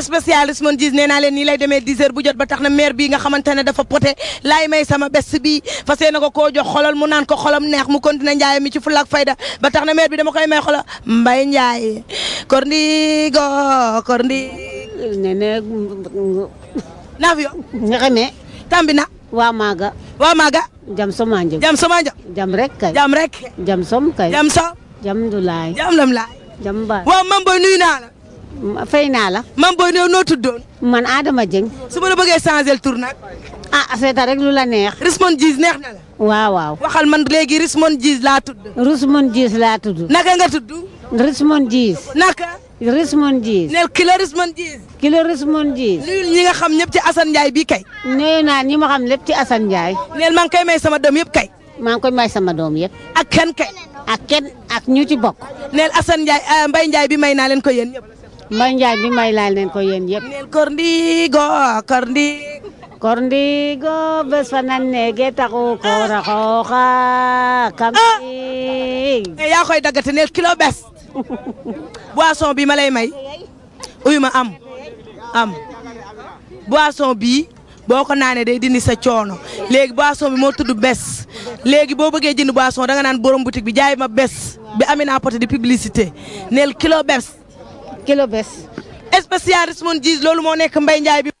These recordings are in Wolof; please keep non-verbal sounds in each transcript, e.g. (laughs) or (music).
spécial Ousmane Diis nee naa leen nii lay demee 10 heures bu jot ba na maire bii nga xamante dafa poté laay may sama bés bii fas yéene ko koo jox xolal mu naan ko xolam neex mu continué njaay mi ci fulla ak fayda ba tax na maire bi dama koy may xola mbay njaay korndigo korndi nene naaf yo nga xamee tambi na waa maaga waa maaga jam soma njëm jam soma njëm jam rek kay jam rek jam som kay jam som jam laay jam lam laay jam baay boy nuyu naa fay naa la. man booy néew noo tuddoon. man Adama Dieng. su ma la bëggee changer tur nag. a ah, seeta rek lu la neex. Rismon Diis neex na la. waaw waaw. waxal man léegi Rismon Diis laa tudd. Rismon Diis laa tudd. naka nga tudd. Rismon Diis. naka. Rismon Diis. neel kilo Rismon Diis. kilo Rismon moon nuyul ñi nga xam ñëpp ci Assane Ndiaye bii kay. nuyu naa ñi ma xam lépp ci Assane Ndiaye. neel maa ngi koy may sama doom yëpp kay. maa ngi koy may sama doom yëpp. ak kenn kay. ak kenn ak ñu ci bokk. neel Assane Ndiaye euh, Mbaye Ndiaye bi may naa leen ko yéen ñëpp. Mbaye Ndiaye bi may laal leen ko yéen yëpp. kor ndigo kor ndigo. kor ndigo bés fa nan nekkee taxu koora xooxa. kam ah! eh, yaa koy daggate ne kilo bes. boisson bi ma lay may. uyu ma am am boisson bii boo ko naane day dindi sa coono léegi boisson bi moo tudd bes léegi boo bëggee jënd boisson danga naan borom boutique bi jaay ma bes bi Amina Poté di publicité neel kilo bes. kilo bés spécialiste moon gis loolu moo nekk Mbaye Ndiaye bi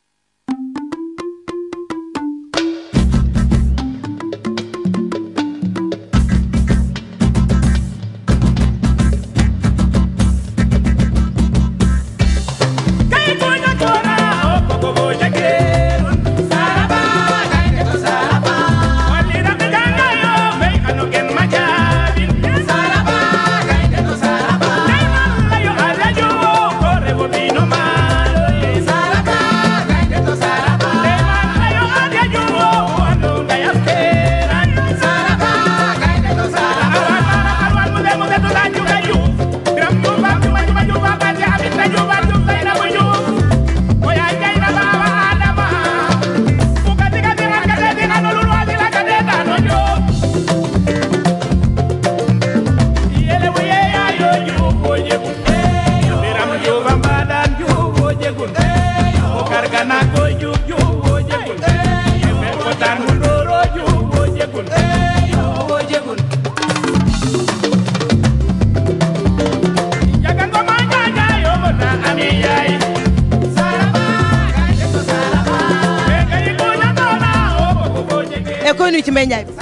tey koy ci Mbaye Ndiaye bi.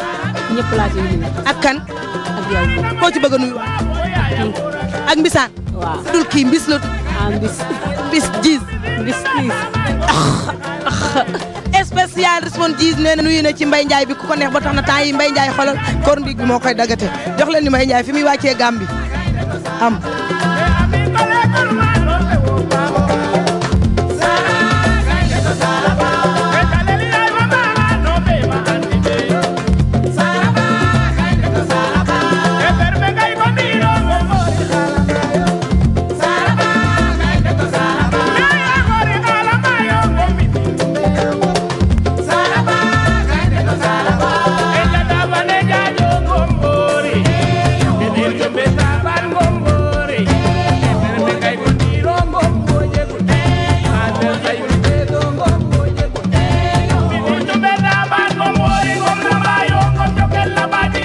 ñëpp laa ciy ak ci bëgg a mbisaan. dul kii mbis la. ah mbis. mbis jiis. mbis jiis. spécial respond jiis nee na nuyu na ci Mbaye Ndiaye bi ku ko neex ba tax na temps yi Mbaye Ndiaye ko koor bi koy dagate jox leen ni Mbaye Ndiaye fi muy wàccee gàmm bi am.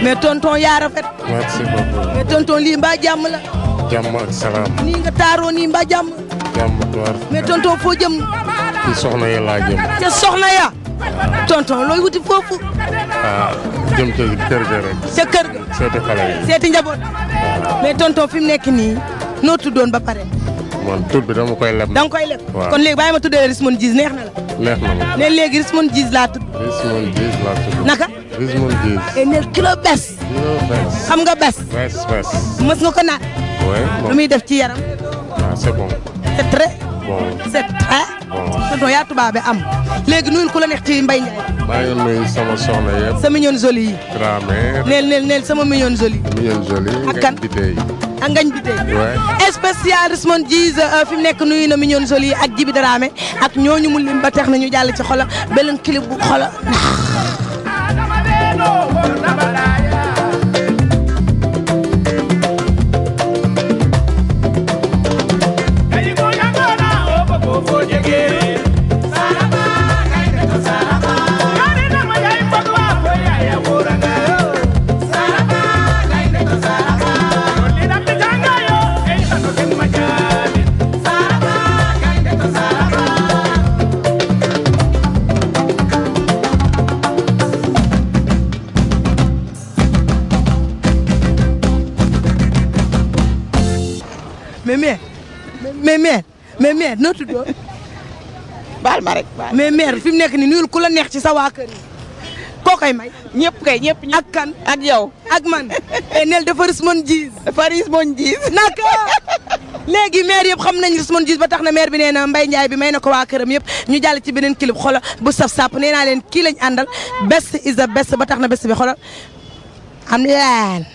mais tonton yaa rafet. merci beaucoup. mais tonton lii mbaa jàmm la. jàmm ak salaam. nii nga taaroo nii mbaa jàmm. jàmm tuwaar. mais soxna ya laa jëm. ca soxna ya. tonton looy wuti foofu. ah jëm kër ga rek. ca kër ga. seeti xale yi. seeti njaboot. Ah. mais tonton fi mu nekk nii noo tuddoon ba pare. man tur bi dama koy leb. kon léegi bàyyi ma tuddee Rismon Djizz neex na la. neex na ma mais léegi Rismon Djizz laa tudd. naka. Rizwan Diaz. neel kilo bes. xam nga bes. bes bes. mës nga ko naan. oui muy def ci yaram. ah c'est bon. c'est très. bon c'est très. bon tubaabe am. léegi nuyul ku la neex ci Mbaye Ndiaye. maa ngi nuyu sama soxna yëpp. sa mignonne jolie yi. Dramé. neel neel sama mignonne jolie. mignonne jolie ak kan a ngañ bi tey spécial Rizwan fi mu nekk nuyu na mignonne jolie yi ak Djiby Dramé ak ñooñu mu lim ba tax na ñu jàll ci xola beneen clip bu xola mais mère noo tuddoo. baal ma rek baal fi mu nekk nii nuyul ku la neex ci sa waa kër yi. koo koy may. ñëpp kay ñëpp ak kan ak yow. ak man eh, nel dafa rismon jiis. dafa rismon jiis. naka léegi maire yëpp xam nañ rismon jiis ba tax na maire bi nee na Mbaye bi may na ko waa këram yëpp ñu jàll ci beneen clip xoolal bu saf sàpp nee naa leen kii lañ àndal best is the best ba tax na best bi xoolal am leen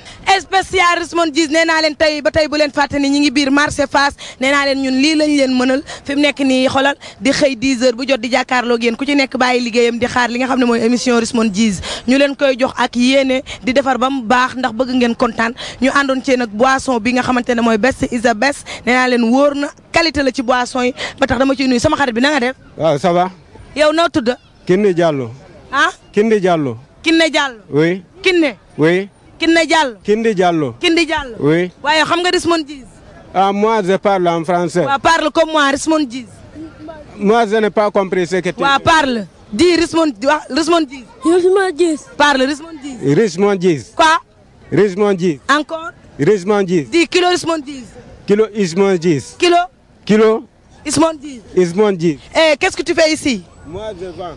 spécial Ousmane Diis nee naa leen tey ba tey bu leen fàtte ni ñi ngi biir marché Fass nee naa leen ñun lii lañ leen mënal fi mu nekk ni xolal di xëy 10 heures bu jot di jàkkaarloo ak yéen ku ci nekk bàyyi liggéeyam di xaar li nga xam ne mooy émission Ousmane Diis ñu leen koy jox ak yéene di defar ba mu baax ndax bëgg ngeen kontaan ñu àndoon cee nag boisson bi nga xamante ne mooy best is the best nee naa leen wóor na qualité la ci boisson yi ba tax dama ciy nuyu sama bi na nga def. waaw ça va. yow noo tudd. Kiné Diallo. ah Kiné Diallo. Kiné Diallo. oui. Kiné. oui. Kiné Diallo. Kindi Diallo. Kindi Diallo. oui. waaye xam nga Rismon Djiz. ah moi je parle en français. waaw parle comme moi Rismon Djiz. moi je n'ai pas compris ce que tu. waaw parle dis Rismon wax Rismon Djiz. Rismon Djiz. parle Rismon Djiz. Rismon Djiz. quoi. Rismon Djiz. encore. Rismon Djiz. dis kilo Rismon Djiz. kilo Rismon Djiz. kilo. kilo. Rismon Djiz. Rismon Djiz. eh qu'est-ce que tu fais ici. moi je vends.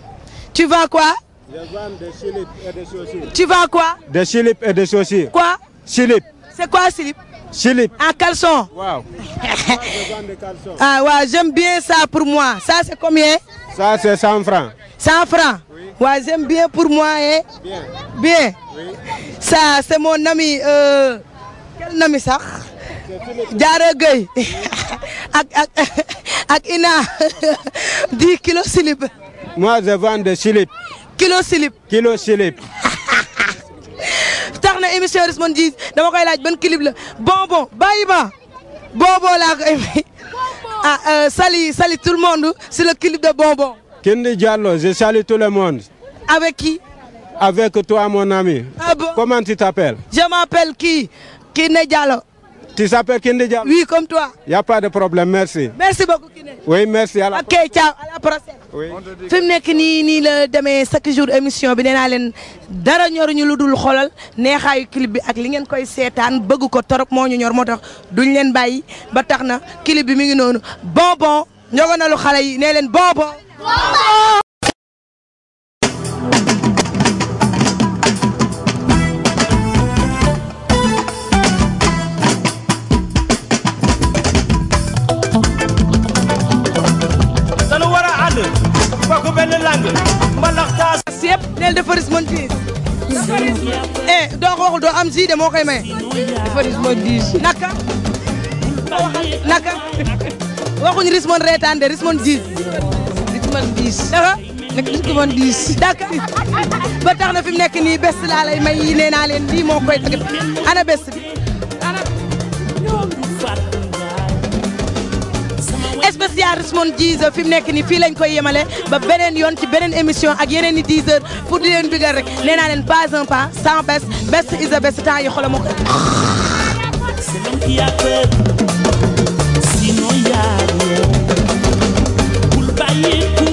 tu vends quoi. Je vends des slips et des chaussures. Tu vends quoi? Des slips et des chaussures. Quoi? Slip. En caleçon. Waouh. je vends (laughs) des caleçons. Ah ouais, j'aime bien ça pour moi. Ça c'est combien? Ça c'est 100 francs. 100 francs. Oui. Ouais, j'aime bien pour moi hein. Bien. Bien. Oui. Ça c'est euh quel ami (laughs) (laughs) ak Ina 10 kilos slip. Moi je vends des slips. kilo silip. tax na émission Rismon ji dama koy laaj ban clip la bonbon bàyyi ma bonbon laa ko aimé ah, euh, sali sali tout le monde sur le clip de bonbon. Kindi Diallo je salue tout le monde. avec qui. avec toi mon ami. ah bon comment tu t'appelles. je Tu s'appelles Kinde Diallo Oui, comme toi. Il pas de problème, merci. Merci beaucoup, Kinde. Oui, merci. À la ok, prochaine. fi mu nekk nii nii la demee chaque jour émission bi nee naa leen dara ñoruñu lu dul xoolal neexaayu clip bi ak li ngeen koy seetaan bëgg ko torop moo ñu ñor moo tax duñ leen bàyyi ba tax na clip bi mi ngi noonu bonbon ñogonalu xale yi nee leen bonbon. bonbon. doo am si de moo koy maye. dafa ris moon diis. naka. naka. waxuñ ris moon reetaan de ris moon diis. ris moon diis. naka. nekk ris diis. naka. ba tax na fi mu nekk nii bés laa lay may i nee naa leen lii moo koy tëgg ana bés bi. Diaris Mon 10 fi mu nekk nii fii lañ koy yemale ba beneen yoon ci beneen émission ak yeneen i 10 heures pour di leen bigal rek nee naa leen pas un pas sans baisse best is the best temps yi xolam ak. sinon yaa bul bàyyi